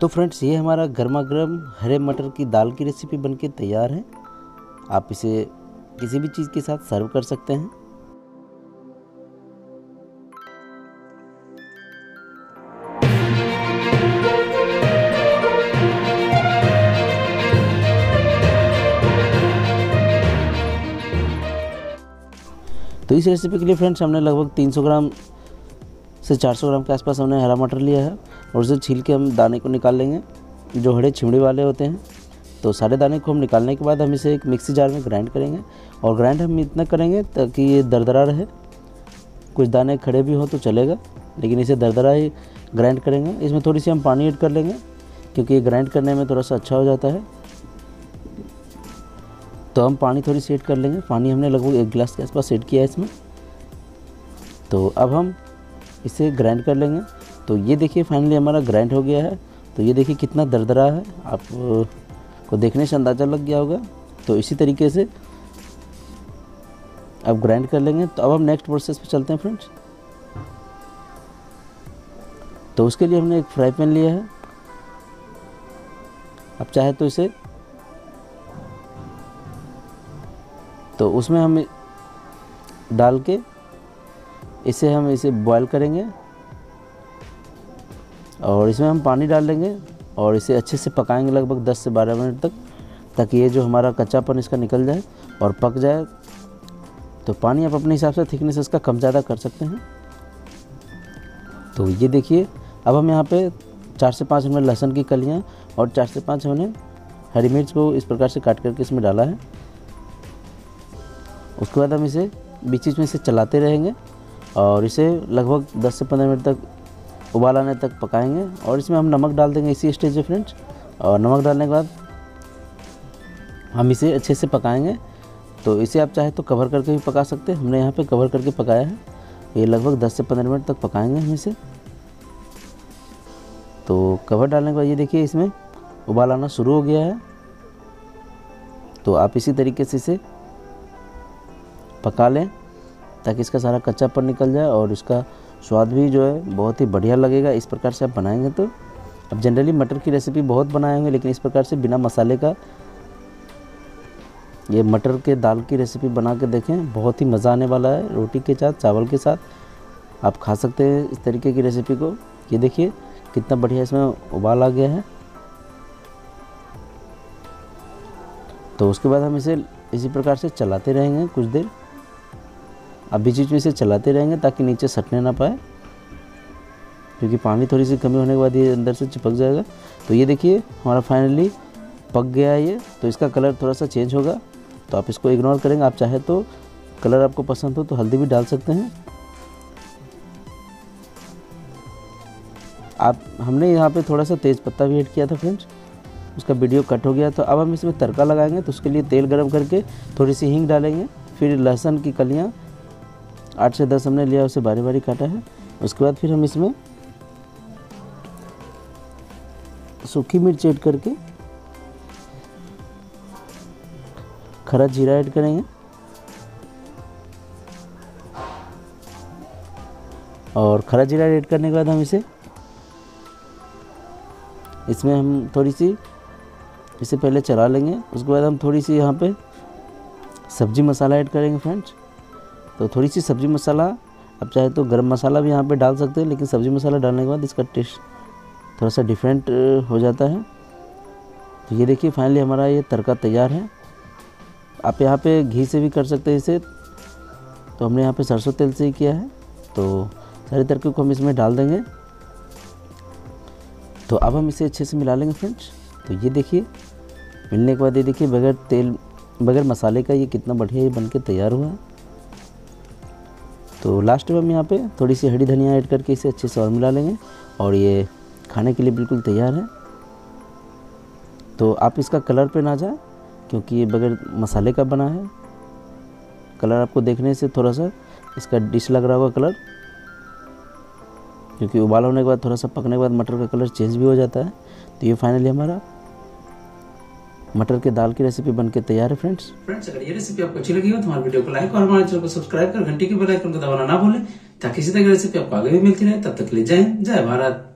तो फ्रेंड्स ये हमारा गर्मा गर्म हरे मटर की दाल की रेसिपी बनके तैयार है आप इसे किसी भी चीज़ के साथ सर्व कर सकते हैं तो इस रेसिपी के लिए फ्रेंड्स हमने लगभग 300 ग्राम से 400 ग्राम के आसपास हमने हरा मटर लिया है और उसे छील के हम दाने को निकाल लेंगे जो हरे छिमड़ी वाले होते हैं तो सारे दाने को हम निकालने के बाद हम इसे एक मिक्सी जार में ग्राइंड करेंगे और ग्राइंड हम इतना करेंगे ताकि ये दरदरा रहे कुछ दाने खड़े भी हों तो चलेगा लेकिन इसे दरदरा ही ग्राइंड करेंगे इसमें थोड़ी सी हम पानी ऐड कर लेंगे क्योंकि ये ग्राइंड करने में थोड़ा सा अच्छा हो जाता है तो हम पानी थोड़ी सी ऐड कर लेंगे पानी हमने लगभग एक गिलास के आसपास ऐड किया है इसमें तो अब हम इसे ग्राइंड कर लेंगे तो ये देखिए फाइनली हमारा ग्राइंड हो गया है तो ये देखिए कितना दरदरा है आप को देखने से अंदाज़ा लग गया होगा तो इसी तरीके से अब ग्राइंड कर लेंगे तो अब हम नेक्स्ट प्रोसेस पे चलते हैं फ्रेंड्स तो उसके लिए हमने एक फ्राई पैन लिया है आप चाहे तो इसे तो उसमें हम डाल के इसे हम इसे बॉयल करेंगे और इसमें हम पानी डाल देंगे और इसे अच्छे से पकाएंगे लगभग 10 से 12 मिनट तक ताकि ये जो हमारा कच्चापन इसका निकल जाए और पक जाए तो पानी आप अपने हिसाब से थिकनेस इसका कम ज़्यादा कर सकते हैं तो ये देखिए अब हम यहाँ पे चार से पाँच हमने लहसुन की कलियाँ और चार से पाँच हमने हरी मिर्च को इस प्रकार से काट करके इसमें डाला है उसके बाद हम इसे बीच बीच में इसे चलाते रहेंगे और इसे लगभग 10 से 15 मिनट तक उबाल आने तक पकाएंगे और इसमें हम नमक डाल देंगे इसी स्टेज पे फ्रेंड्स और नमक डालने के बाद हम इसे अच्छे से पकाएंगे तो इसे आप चाहे तो कवर करके भी पका सकते हैं हमने यहाँ पे कवर करके पकाया है ये लगभग 10 से 15 मिनट तक पकाएंगे हम इसे तो कवर डालने के बाद ये देखिए इसमें उबाल आना शुरू हो गया है तो आप इसी तरीके से इसे पका लें ताकि इसका सारा कच्चापन निकल जाए और इसका स्वाद भी जो है बहुत ही बढ़िया लगेगा इस प्रकार से आप बनाएंगे तो अब जनरली मटर की रेसिपी बहुत बनाए होंगे लेकिन इस प्रकार से बिना मसाले का ये मटर के दाल की रेसिपी बना के देखें बहुत ही मज़ा आने वाला है रोटी के साथ चावल के साथ आप खा सकते हैं इस तरीके की रेसिपी को ये देखिए कितना बढ़िया इसमें उबाल आ गया है तो उसके बाद हम इसे इसी प्रकार से चलाते रहेंगे कुछ देर आप बीच बीच में इसे चलाते रहेंगे ताकि नीचे सटने ना पाए क्योंकि पानी थोड़ी सी कमी होने के बाद ये अंदर से चिपक जाएगा तो ये देखिए हमारा फाइनली पक गया है ये तो इसका कलर थोड़ा सा चेंज होगा तो आप इसको इग्नोर करेंगे आप चाहे तो कलर आपको पसंद हो तो हल्दी भी डाल सकते हैं आप हमने यहाँ पे थोड़ा सा तेज़ पत्ता भी ऐड किया था फ्रेंड्स उसका वीडियो कट हो गया तो अब हम इसमें तड़का लगाएंगे तो उसके लिए तेल गर्म करके थोड़ी सी हींग डालेंगे फिर लहसुन की कलियाँ आठ से दस हमने लिया उसे बारी बारी काटा है उसके बाद फिर हम इसमें सूखी मिर्च ऐड करके खरा जीरा ऐड करेंगे और खरा जीरा ऐड करने के बाद हम इसे इसमें हम थोड़ी सी इसे पहले चला लेंगे उसके बाद हम थोड़ी सी यहाँ पे सब्जी मसाला ऐड करेंगे फ्रेंड्स तो थोड़ी सी सब्ज़ी मसाला आप चाहे तो गर्म मसाला भी यहाँ पर डाल सकते हैं लेकिन सब्ज़ी मसाला डालने के बाद इसका टेस्ट थोड़ा सा डिफरेंट हो जाता है तो ये देखिए फाइनली हमारा ये तड़का तैयार है आप यहाँ पे घी से भी कर सकते हैं इसे तो हमने यहाँ पे सरसों तेल से ही किया है तो सारे तड़के को हम इसमें डाल देंगे तो अब हम इसे अच्छे से मिला लेंगे फ्रेंड्स तो ये देखिए मिलने के बाद ये देखिए बगैर तेल बगैर मसाले का ये कितना बढ़िया ये बन के तैयार हुआ है तो लास्ट में हम यहाँ पे थोड़ी सी हरी धनिया ऐड करके इसे अच्छे से और मिला लेंगे और ये खाने के लिए बिल्कुल तैयार है तो आप इसका कलर पे ना जाए क्योंकि ये बगैर मसाले का बना है कलर आपको देखने से थोड़ा सा इसका डिश लग रहा होगा कलर क्योंकि उबाल होने के बाद थोड़ा सा पकने के बाद मटर का कलर चेंज भी हो जाता है तो ये फाइनली हमारा मटर के दाल की रेसिपी बन के तैयार है फ्रेंड्स फ्रेंड्स अगर ये रेसिपी आपको अच्छी लगी हो तो हमारे वीडियो को लाइक और हमारे चैनल को सब्सक्राइब कर घंटी के बेल आइकन को दबाना ना भूलें ताकि इसी तरह की रेसिपी आपको आगे भी मिलती रहे तब तक ले जाए जय भारत